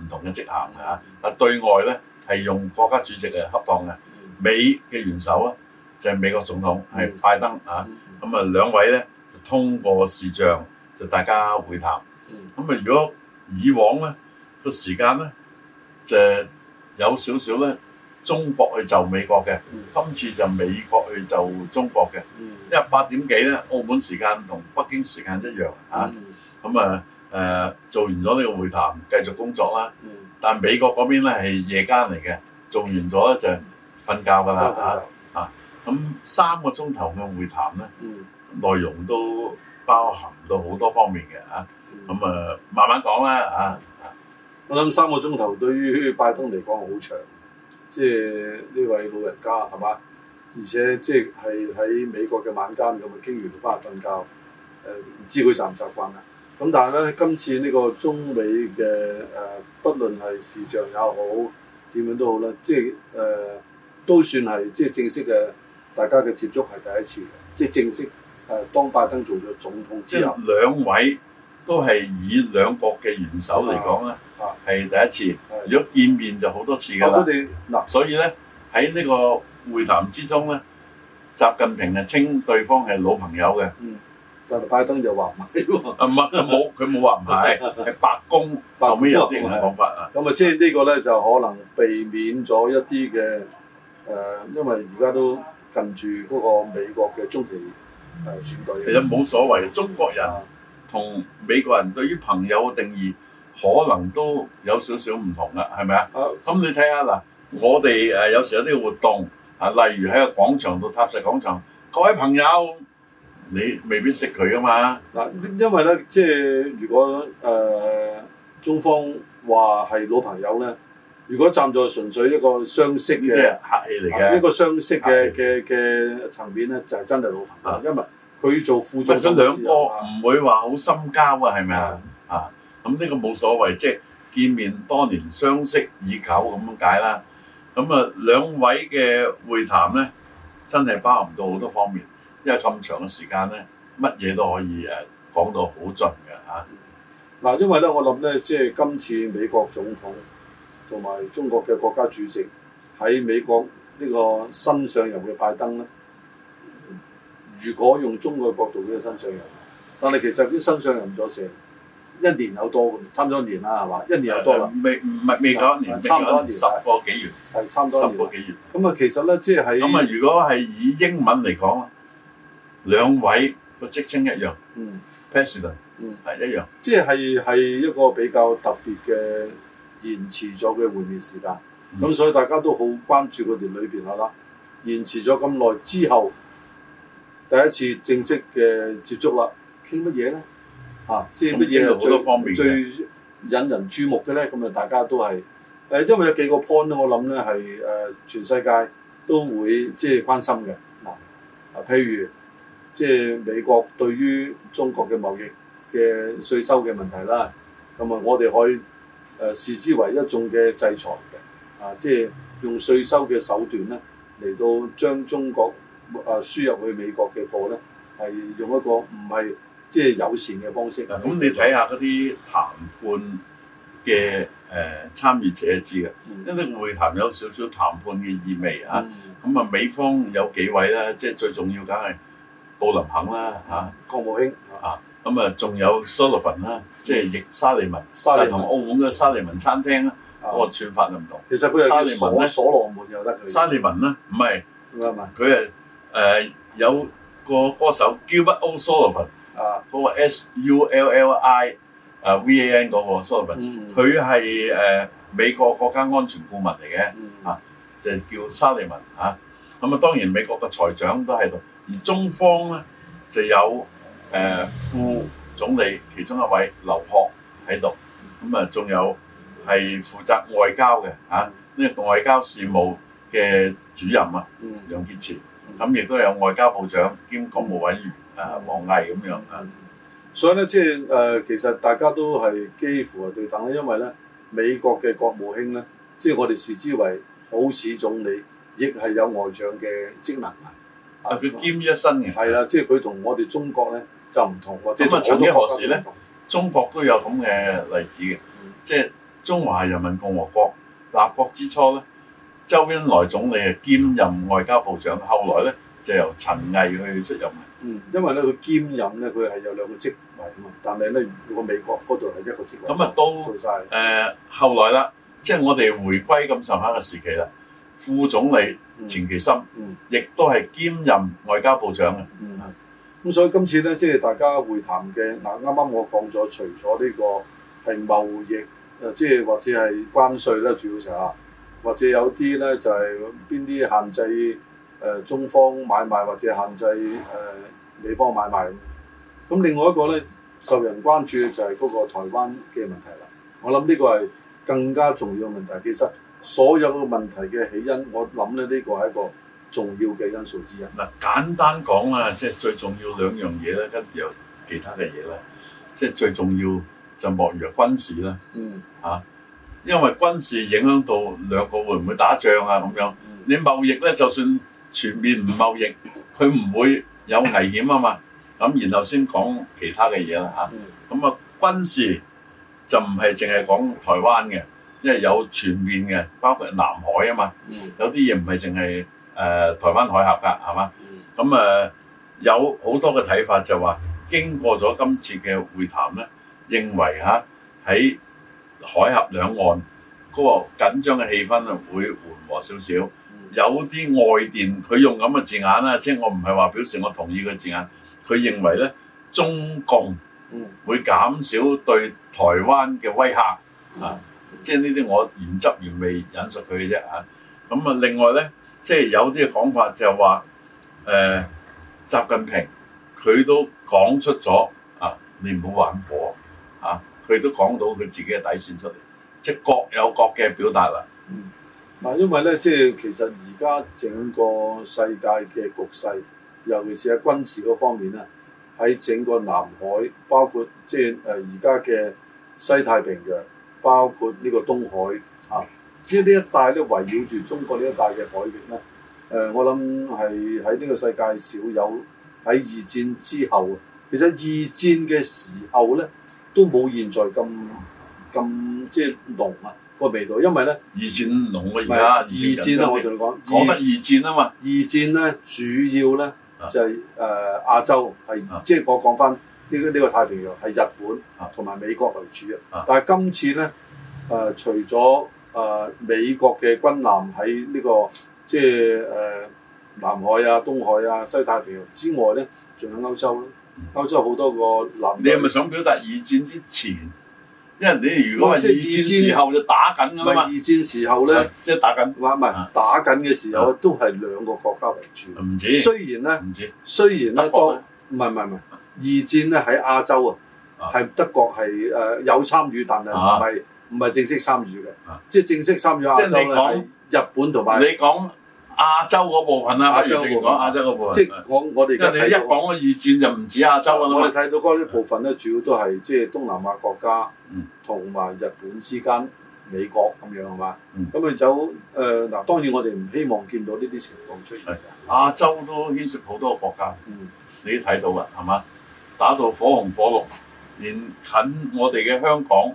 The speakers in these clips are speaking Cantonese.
唔同嘅職銜嚇，啊對外咧係用國家主席嘅恰當嘅，美嘅元首啊就係美國總統係拜登啊，咁啊兩位咧就通過視像就大家會談，咁啊如果以往咧個時間咧就有少少咧中國去就美國嘅，今次就美國去就中國嘅，因為八點幾咧澳門時間同北京時間一樣啊，咁啊。誒、呃、做完咗呢個會談，繼續工作啦。嗯、但係美國嗰邊咧係夜間嚟嘅，做完咗咧就瞓覺㗎啦嚇。嗯、啊，咁三個鐘頭嘅會談咧，內、嗯、容都包含到好多方面嘅嚇。咁啊，、嗯、啊，慢慢講啦嚇。啊、我諗三個鐘頭對於拜登嚟講好長，即係呢位老人家係嘛？而且即係喺美國嘅晚間咁啊，傾完翻嚟瞓覺。誒、呃，唔知佢習唔習慣啦。咁但係咧，今次呢個中美嘅誒，不、呃、論係視像也好，點樣都好啦，即係誒、呃，都算係即係正式嘅大家嘅接觸，係第一次，即係正式誒、呃，當拜登做咗總統之後，即兩位都係以兩國嘅元首嚟講咧，係、啊啊、第一次。如果見面就好多次㗎啦。嗱、啊，你啊、所以咧喺呢個會談之中咧，習近平啊稱對方係老朋友嘅。嗯拜登就話唔係啊唔啊冇，佢冇話唔係，係 白宮後尾有啲咁嘅講法啊。咁啊，即係呢個咧就可能避免咗一啲嘅誒，因為而家都近住嗰個美國嘅中期誒、呃、選舉。其實冇所謂，嗯、中國人同美國人對於朋友嘅定義可能都有少少唔同、啊、啦，係咪啊？咁你睇下嗱，我哋誒有時有啲活動啊，例如喺個廣場度塔石廣場，各位朋友。你未必識佢啊嘛？嗱，因為咧，即係如果誒、呃、中方話係老朋友咧，如果站在純粹一個相識嘅客氣嚟嘅、啊，一個相識嘅嘅嘅層面咧，就係、是、真係老朋友，啊、因為佢做副總，咁、啊、兩個唔會話好深交啊，係咪啊？啊，咁呢個冇所謂，即係見面多年相識已久咁樣解啦。咁啊，兩位嘅會談咧，真係包含到好多方面。因為咁長嘅時間咧，乜嘢都可以誒講到好盡嘅嚇。嗱，因為咧，我諗咧，即係今次美國總統同埋中國嘅國家主席喺美國呢個新上任嘅拜登咧，如果用中國角度呢個新上任，但係其實啲新上任咗成一年有多，差唔多年啦係嘛，一年有多啦。未唔係未夠，差唔多,年年多、嗯、年年十個幾月，係、嗯、差唔多十個幾月。咁啊、嗯嗯，其實咧，即係喺咁啊，如果係以英文嚟講。兩位個職稱一樣，嗯 p e r s o n 嗯，係一樣，即係係一個比較特別嘅延遲咗嘅會面時間，咁、嗯、所以大家都好關注個年裏邊啦。延遲咗咁耐之後，第一次正式嘅接觸啦，傾乜嘢咧？啊，啊，即係乜嘢啊？好多方面最引人注目嘅咧，咁啊，大家都係誒，因為有幾個 point 我諗咧係誒全世界都會即係關心嘅嗱、啊，啊，譬啊如。即係美國對於中國嘅貿易嘅稅收嘅問題啦，咁啊，我哋可以誒視之為一種嘅制裁嘅，啊，即係用稅收嘅手段咧嚟到將中國啊輸入去美國嘅貨咧，係用一個唔係即係友善嘅方式啊。咁、嗯、你睇下嗰啲談判嘅誒參與者就知嘅，因為會談有少少談判嘅意味啊。咁啊、嗯，美方有幾位咧，即係最重要梗係。布林肯啦嚇，郭武興啊，咁啊仲有 Sullivan 啦，即係譯沙利文，但係同澳門嘅沙利文餐廳咧嗰個串法就唔同。其實佢沙利文鎖鎖羅門又得佢。沙利文啦，唔係，佢啊誒有個歌手叫 O'Sullivan 啊，嗰個 S U L L I 啊 V A N 嗰個 Sullivan，佢係誒美國國家安全顧問嚟嘅啊，就叫沙利文嚇。咁啊當然美國嘅財長都係讀。而中方咧就有誒、呃、副總理其中一位劉鶴喺度，咁啊仲有係負責外交嘅啊，呢外交事務嘅主任啊，楊、嗯、潔篪，咁、嗯、亦、嗯、都有外交部長兼國務委員啊王毅咁樣啊，所以咧即係誒其實大家都係幾乎係對等啦，因為咧美國嘅國務卿咧，即、就、係、是、我哋視之為好似總理，亦係有外長嘅職能啊。啊！佢兼一身嘅，係啦，即係佢同我哋中國咧就唔同即咁啊，陳毅何時曾幾何時咧？中國都有咁嘅例子嘅，嗯、即係中華人民共和國立國之初咧，周恩來總理啊兼任外交部長，後來咧就由陳毅去出任。嗯，因為咧佢兼任咧，佢係有兩個職位啊嘛。但係咧，個美國嗰度係一個職位。咁啊、嗯，都做晒。誒、呃，後來啦，即係我哋回歸咁上下嘅時期啦。副總理錢其琛，嗯、亦都係兼任外交部長嘅。咁、嗯、所以今次咧，即係大家會談嘅嗱，啱啱我講咗，除咗呢個係貿易，誒即係或者係關稅咧，主要成啊，或者有啲咧就係邊啲限制誒、呃、中方買賣，或者限制誒、呃、美方買賣。咁另外一個咧，受人關注嘅就係嗰個台灣嘅問題啦。我諗呢個係更加重要嘅問題，其實。所有嘅問題嘅起因，我諗咧呢個係一個重要嘅因素之一。嗱，簡單講啊，即係最重要兩樣嘢咧，跟住有其他嘅嘢啦。即係最重要就莫如軍事啦。嗯。嚇，因為軍事影響到兩個會唔會打仗啊？咁樣。嗯。你貿易咧，就算全面唔貿易，佢唔會有危險啊嘛。咁 然後先講其他嘅嘢啦嚇。咁啊，軍事就唔係淨係講台灣嘅。因為有全面嘅，包括南海啊嘛，嗯、有啲嘢唔係淨係誒台灣海峽噶，係嘛？咁誒、嗯嗯、有好多嘅睇法就話，經過咗今次嘅會談咧，認為嚇喺海峽兩岸嗰個緊張嘅氣氛啊會緩和少少。嗯、有啲外電佢用咁嘅字眼啦，即係我唔係話表示我同意嘅字眼，佢認為咧，中共會減少對台灣嘅威嚇啊。嗯即係呢啲我原汁原味引述佢嘅啫嚇，咁啊另外咧，即係有啲嘅講法就係話，誒、呃、習近平佢都講出咗啊，你唔好玩火啊，佢都講到佢自己嘅底線出嚟，即係各有各嘅表達啦。嗯，嗱，因為咧，即係其實而家整個世界嘅局勢，尤其是喺軍事嗰方面咧，喺整個南海，包括即係誒而家嘅西太平洋。包括呢個東海啊，即係呢一帶咧，圍繞住中國呢一帶嘅海域咧，誒、呃，我諗係喺呢個世界少有喺二戰之後啊。其實二戰嘅時候咧，都冇現在咁咁即係濃啊個味道，因為咧二戰濃啊而家二戰啊，我同你講講乜二戰啊嘛。二戰咧主要咧就係誒亞洲係，即係我講翻。呢個呢個太平洋係日本同埋美國為主嘅，但係今次咧，誒、呃、除咗誒、呃、美國嘅軍艦喺呢、這個即係誒、呃、南海啊、東海啊、西太平洋之外咧，仲有歐洲咯。歐洲好多個，南你係咪想表達二戰之前？因為你如果是二戰之後就打緊㗎嘛。二戰時候咧，即係、就是、打緊，唔係打緊嘅時候是都係兩個國家為主。唔止。雖然咧，唔止。雖然咧，德國 啊、多唔係唔係唔係。啊。二戰咧喺亞洲啊，係德國係誒有參與，但係唔係唔係正式參與嘅，即係正式參與亞洲咧。日本同埋你講亞洲嗰部分啊，我講亞洲部分。即係我我哋，因為你一講個二戰就唔止亞洲啊。我哋睇到嗰啲部分咧，主要都係即係東南亞國家同埋日本之間、美國咁樣係嘛。咁啊有誒嗱，當然我哋唔希望見到呢啲情況出現。亞洲都牽涉好多國家，你都睇到啊，係嘛？打到火紅火綠，連近我哋嘅香港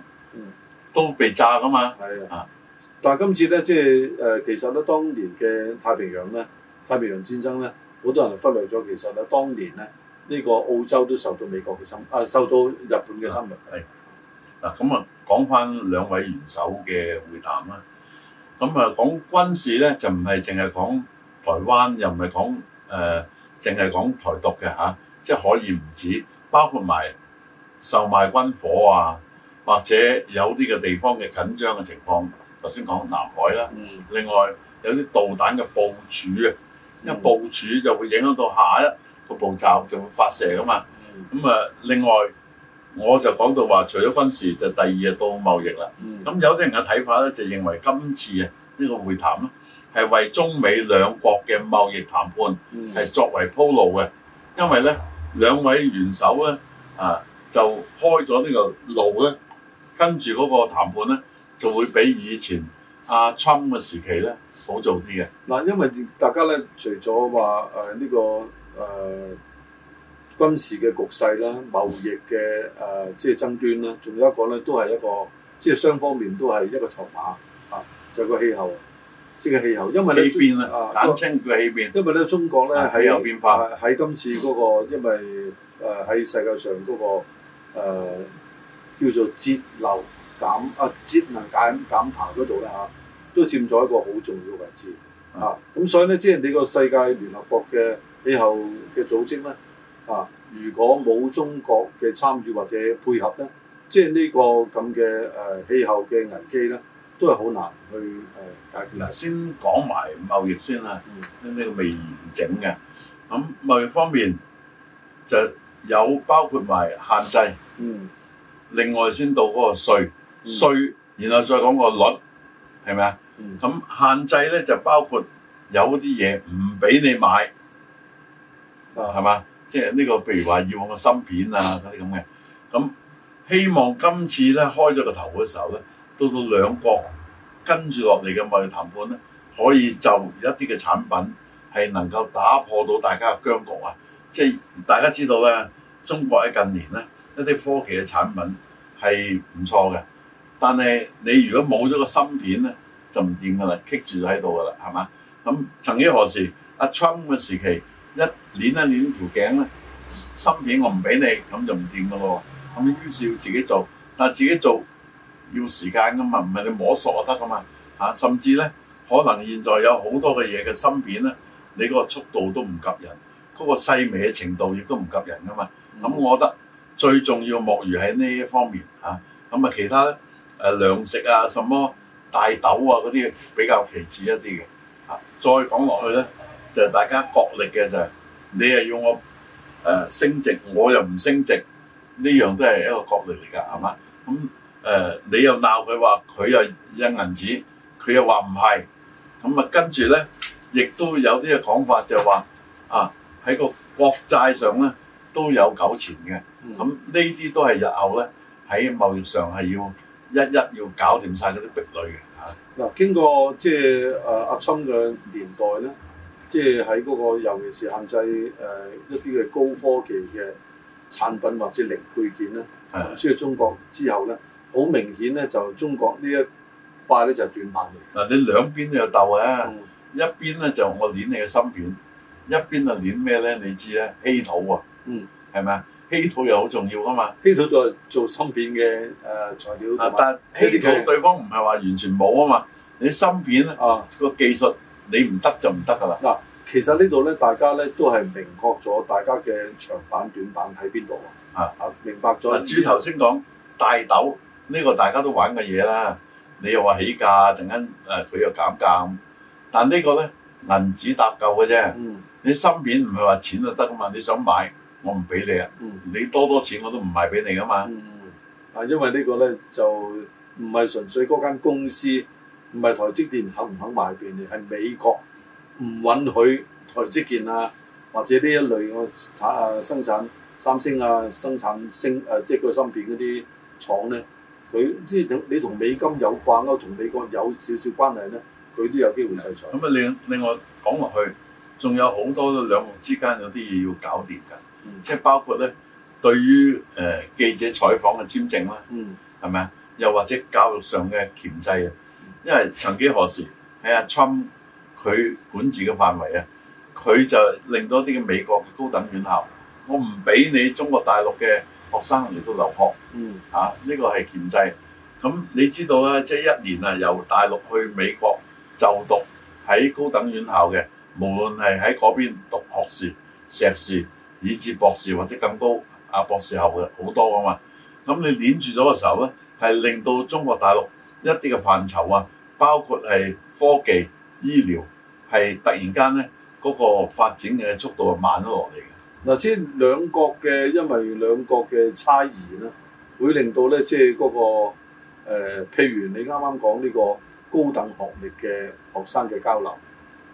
都被炸㗎嘛。係啊、嗯的，但係今次咧，即係誒，其實咧，當年嘅太平洋咧，太平洋戰爭咧，好多人忽略咗，其實咧，當年咧，呢、這個澳洲都受到美國嘅侵，啊，受到日本嘅侵略。係嗱，咁啊，講翻兩位元首嘅會談啦。咁、呃、啊，講軍事咧，就唔係淨係講台灣，又唔係講誒，淨係講台獨嘅嚇，即係可以唔止。包括埋售賣軍火啊，或者有啲嘅地方嘅緊張嘅情況，頭先講南海啦。嗯、另外有啲導彈嘅部署啊，因為部署就會影響到下一個步驟就會發射啊嘛。咁啊、嗯，另外我就講到話，除咗軍事，就第二日到貿易啦。咁、嗯、有啲人嘅睇法咧，就認為今次啊呢個會談咧係為中美兩國嘅貿易談判係、嗯、作為鋪路嘅，因為咧，嗯兩位元首咧，啊，就開咗呢個路咧，跟住嗰個談判咧，就會比以前阿侵嘅時期咧好做啲嘅。嗱，因為大家咧，除咗話誒呢個誒、呃、軍事嘅局勢啦、貿易嘅誒、呃、即係爭端啦，仲有一個咧，都係一個即係雙方面都係一個籌碼啊，就係、個氣候。即係氣候，因為氣變邊啊，簡稱嘅氣變。因為咧，中國咧喺有變化，喺今次嗰、那個，因為誒喺、呃、世界上嗰、那個、呃、叫做節流減啊節能減減排嗰度咧嚇，都佔咗一個好重要嘅位置啊！咁所以咧，即係你個世界聯合國嘅氣候嘅組織咧啊，如果冇中國嘅參與或者配合咧，呢即係呢個咁嘅誒氣候嘅危機咧。都係好難去誒解決。嗱，先講埋貿易先啦，呢個未完整嘅。咁貿易方面就有包括埋限制。嗯。另外先到嗰個稅，稅，然後再講個率，係咪啊？嗯。咁限制咧就包括有啲嘢唔俾你買，係嘛？即係呢個，譬如話以往嘅芯片啊嗰啲咁嘅。咁希望今次咧開咗個頭嘅時候咧。到到兩國跟住落嚟嘅貿易談判咧，可以就一啲嘅產品係能夠打破到大家嘅僵局啊！即係大家知道咧，中國喺近年咧一啲科技嘅產品係唔錯嘅，但係你如果冇咗個芯片咧，就唔掂噶啦，棘住喺度噶啦，係嘛？咁曾幾何時阿侵嘅時期，一攆一攆條頸咧，芯片我唔俾你，咁就唔掂噶喎。咁於是要自己做，但係自己做。要時間噶嘛，唔係你摸索就得噶嘛，嚇、啊！甚至咧，可能現在有好多嘅嘢嘅芯片咧，你嗰個速度都唔及人，嗰、嗰個細微嘅程度亦都唔及人噶嘛。咁我覺得最重要莫如喺呢方面嚇，咁啊、啊其他咧誒、啊、糧食啊什麼大豆啊嗰啲比較其次一啲嘅嚇。再講落去咧，就係、是、大家角力嘅就係、是、你啊要我誒、啊、升值，我又唔升值，呢樣都係一個角力嚟噶，係嘛？咁。誒你又鬧佢話，佢又印銀紙，佢又話唔係，咁啊跟住咧，亦都有啲嘅講法就話啊喺個國債上咧都有糾纏嘅，咁呢啲都係日後咧喺貿易上係要一一要搞掂晒嗰啲壁壘嘅嚇。嗱、嗯、經過即係誒阿侵嘅年代咧，即係喺嗰個尤其是限制誒、呃、一啲嘅高科技嘅產品或者零配件咧輸去中國之後咧。好明顯咧，就中國呢一塊咧就係短板。嗱，你兩邊都有鬥嘅，一邊咧就我捏你嘅芯片，一邊就捏咩咧？你知咧，稀土喎，嗯，係咪？稀土又好重要噶嘛，稀土就做芯片嘅誒材料。但稀土對方唔係話完全冇啊嘛，你芯片咧個技術你唔得就唔得噶啦。嗱，其實呢度咧，大家咧都係明確咗大家嘅長板短板喺邊度啊。啊，明白咗。啊，至於頭先講大豆。呢個大家都玩嘅嘢啦，你又話起價，陣間誒佢又減價，但個呢個咧銀紙搭救嘅啫，嗯、你芯片唔係話錢就得嘛？你想買我唔俾你啊！嗯、你多多錢我都唔賣俾你噶嘛。啊、嗯，因為個呢個咧就唔係純粹嗰間公司唔係台積電肯唔肯賣俾你，係美國唔允許台積電啊或者呢一類嘅產啊生產三星啊生產升誒即係嗰個芯片嗰啲廠咧。佢即係你同美金有掛鈎，同美國有少少關係咧，佢都有機會洗財。咁啊，另另外講落去，仲有好多兩國之間有啲嘢要搞掂㗎，嗯、即係包括咧對於誒、呃、記者採訪嘅簽證啦、啊，係咪啊？又或者教育上嘅僱傭制啊，因為曾幾何時喺阿 t 佢管治嘅範圍啊，佢就令到啲嘅美國嘅高等院校，我唔俾你中國大陸嘅。學生嚟到留學，嗯嚇呢、啊這個係鉗制。咁你知道咧，即係一年啊，由大陸去美國就讀喺高等院校嘅，無論係喺嗰邊讀學士、碩士，以至博士或者更高啊博士後嘅好多啊嘛。咁你攆住咗嘅時候咧，係令到中國大陸一啲嘅範疇啊，包括係科技、醫療，係突然間咧嗰個發展嘅速度慢咗落嚟。嗱，即係兩國嘅，因為兩國嘅差異啦，會令到咧，即係嗰、那個、呃、譬如你啱啱講呢個高等學歷嘅學生嘅交流，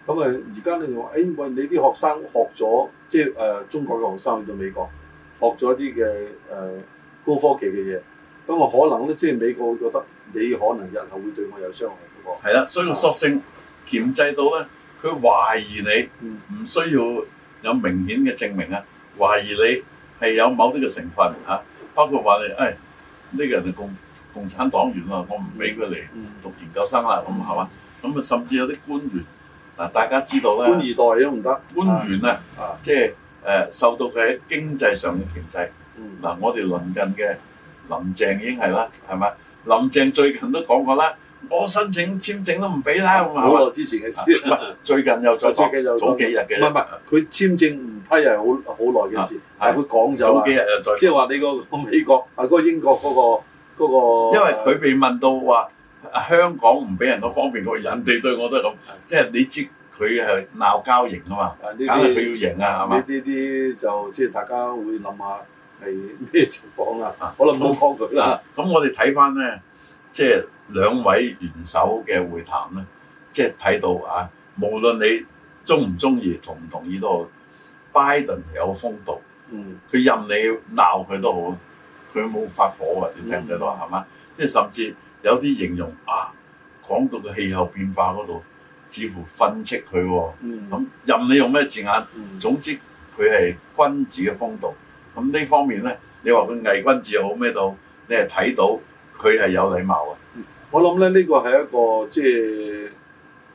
咁啊，而、哎、家你話，誒，我你啲學生學咗，即係誒、呃、中國嘅學生去到美國學咗啲嘅誒高科技嘅嘢，咁我可能咧，即係美國會覺得你可能日後會對我有傷害嘅喎。係啦，所以我索性鉗制到咧，佢懷疑你唔唔需要。有明顯嘅證明啊，懷疑你係有某啲嘅成分嚇、啊，包括話你誒呢、哎呢個人係共共產黨員喎，我唔俾佢嚟讀研究生啦，咁係嘛？咁、嗯、啊，甚至有啲官員嗱、啊，大家知道啦，官二代都唔得，官員啊，即係誒受到佢喺經濟上嘅鉗制。嗱、嗯啊，我哋鄰近嘅林鄭已經係啦，係咪？林鄭最近都講過啦。我申請簽證都唔俾啦，好耐之前嘅事，最近又再講。最早幾日嘅，唔係唔係佢簽證唔批係好好耐嘅事，係佢講咗。早幾日又再，即係話你個美國啊，嗰個英國嗰個嗰個。因為佢被問到話香港唔俾人嗰方面個人哋對我都係咁，即係你知佢係鬧交型啊嘛，梗係佢要贏啊嘛。呢啲就即係大家會諗下係咩情況啊？我能冇抗拒啦。咁我哋睇翻咧。即係兩位元首嘅會談咧，即係睇到啊，無論你鍾唔鍾意同唔同意都好，拜登係有風度，嗯，佢任你鬧佢都好，佢冇發火嘅、啊，你聽唔聽到啊？係嘛、嗯，即係甚至有啲形容啊，講到個氣候變化嗰度，似乎訓斥佢喎，咁、嗯、任你用咩字眼，嗯、總之佢係君子嘅風度。咁呢方面咧，你話佢偽君子好咩度你係睇到。佢係有禮貌啊！我諗咧，呢個係一個即係誒、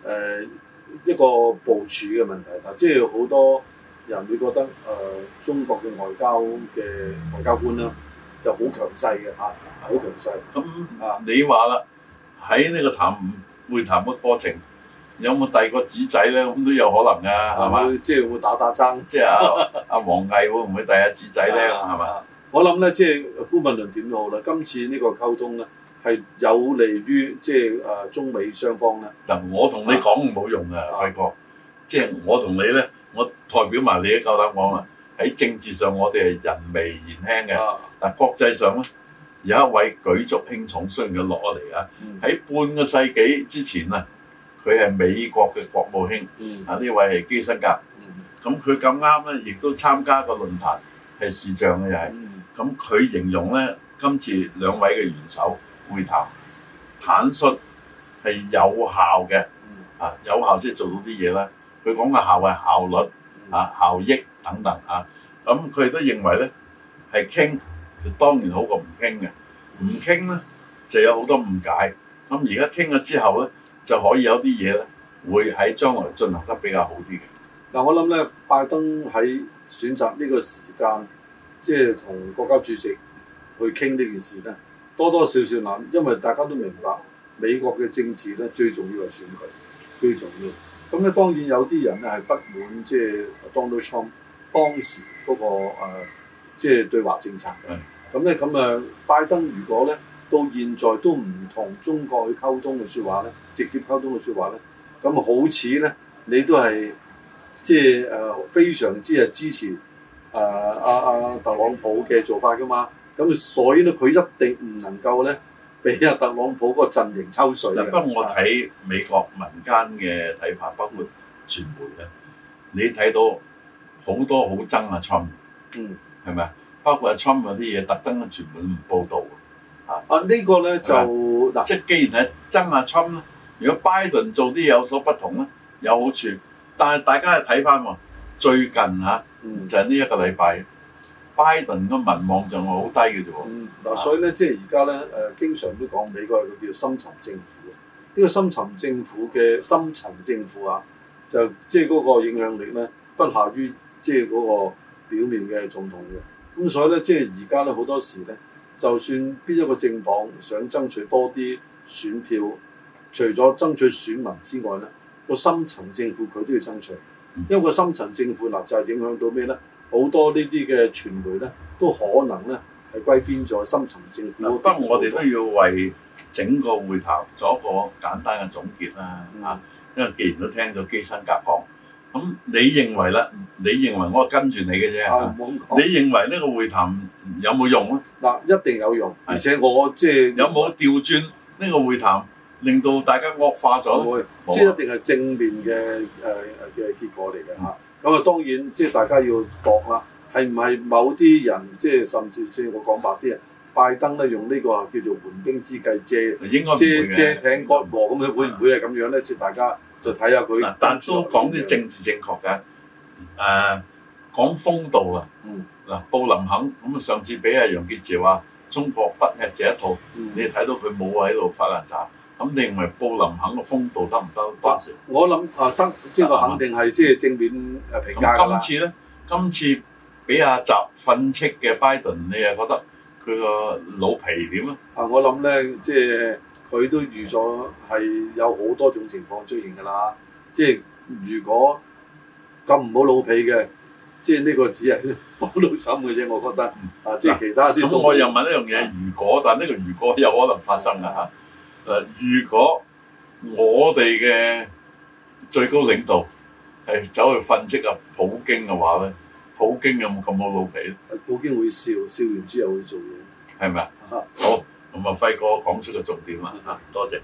呃、一個部署嘅問題，嗱，即係好多人會覺得誒、呃、中國嘅外交嘅外交官咧就好強勢嘅嚇，好強勢。咁啊、嗯，嗯嗯、你話啦，喺呢個談會談嘅過程，有冇遞個紙仔咧？咁都有可能啊，係嘛、嗯？吧即係會打打爭，即係阿王毅會唔會遞下紙仔咧？係嘛、嗯？我諗咧，即係姑勿論點都好啦。今次呢個溝通咧，係有利於即係啊中美雙方咧。嗱，我同你講唔好用啊，輝哥。啊啊、即係我同你咧，我代表埋你嘅夠膽講啊。喺政治上，我哋係人微言輕嘅。嗱，國際上咧，有一位舉足輕重，雖然佢落咗嚟啊。喺半個世紀之前啊，佢係美國嘅國務卿啊，呢、嗯、位係基辛格。咁佢咁啱咧，亦都參加個論壇，係視像嘅又係。咁佢形容咧，今次兩位嘅元首會談，坦率係有效嘅、嗯啊，啊有效即係做到啲嘢啦。佢講嘅效係效率啊、效益等等啊。咁佢哋都認為咧係傾，就當然好過唔傾嘅。唔傾咧就有好多誤解。咁而家傾咗之後咧，就可以有啲嘢咧會喺將來進行得比較好啲嘅。嗱、嗯，我諗咧，拜登喺選擇呢個時間。即係同國家主席去傾呢件事咧，多多少少諗，因為大家都明白美國嘅政治咧最重要係選舉，最重要。咁咧當然有啲人咧係不滿即係、就是、Donald Trump 當時嗰、那個即係、呃就是、對華政策。咁咧咁誒拜登如果咧到現在都唔同中國去溝通嘅説話咧，直接溝通嘅説話咧，咁好似咧你都係即係誒非常之係支持。誒阿阿特朗普嘅做法㗎嘛，咁所以咧佢一定唔能夠咧俾阿特朗普嗰個陣營抽水，不過但我睇美國民間嘅睇法，包括傳媒咧，你睇到好多好憎阿春，嗯，係咪啊？包括阿春嗰啲嘢特登，傳媒唔報導啊。啊、這個、呢個咧吧就、啊、即係既然係憎阿春，咧，如果拜登做啲有所不同咧，有好處，但係大家係睇翻最近嚇，就係呢一個禮拜，嗯、拜登個民望就係好低嘅啫喎。嗱、嗯，嗯、所以咧，即係而家咧，誒、呃，經常都講美國係個叫深層政府。呢、呢個深層政府嘅深層政府啊，就即係嗰個影響力咧，不下於即係嗰個表面嘅總統嘅。咁、嗯、所以咧，即係而家咧，好多時咧，就算邊一個政黨想爭取多啲選票，除咗爭取選民之外咧，呢個深層政府佢都要爭取。因為個深層政府立制影響到咩咧？好多傳呢啲嘅傳媒咧，都可能咧係歸邊咗深層政府。不過，我哋都要為整個會談做一個簡單嘅總結啦。啊、嗯，因為既然都聽咗基辛格講，咁你認為啦？你認為我跟住你嘅啫。哎、你認為呢個會談有冇用咧？嗱，一定有用。而且我是即係是有冇調轉呢個會談？令到大家惡化咗，會即係一定係正面嘅誒嘅結果嚟嘅嚇。咁啊，當然，即係大家要講啦。係唔係某啲人即係甚至即係我講白啲啊？拜登咧用呢個叫做緩兵之計，借借借艇割禾咁，會唔會係咁樣咧？即大家就睇下佢。但都講啲政治正確嘅誒，講風度啊。嗱，布林肯咁啊，上次俾阿楊潔篪話中國不吃這一套，你睇到佢冇喺度發爛渣。咁你認為布林肯嘅風度得唔得當時？我諗啊，得，即、這、係、個、肯定係即係正面嘅評價。今次咧，今次俾阿習訓斥嘅拜登，你又覺得佢個老皮點啊？啊，我諗咧，即係佢都預咗係有好多種情況出現㗎啦。即係如果咁唔好老皮嘅，即係呢個只係老老心嘅啫。嗯、我覺得，嗯、啊，即係其他啲咁，有我又問一樣嘢，嗯、如果但呢個如果有可能發生㗎嚇？嗯誒，如果我哋嘅最高領導係走去訓斥啊，普京嘅話咧，普京有冇咁好老皮咧？普京會笑笑完之後會做嘢，係咪吧啊？好，咁啊，輝哥講出個重點啊，多謝。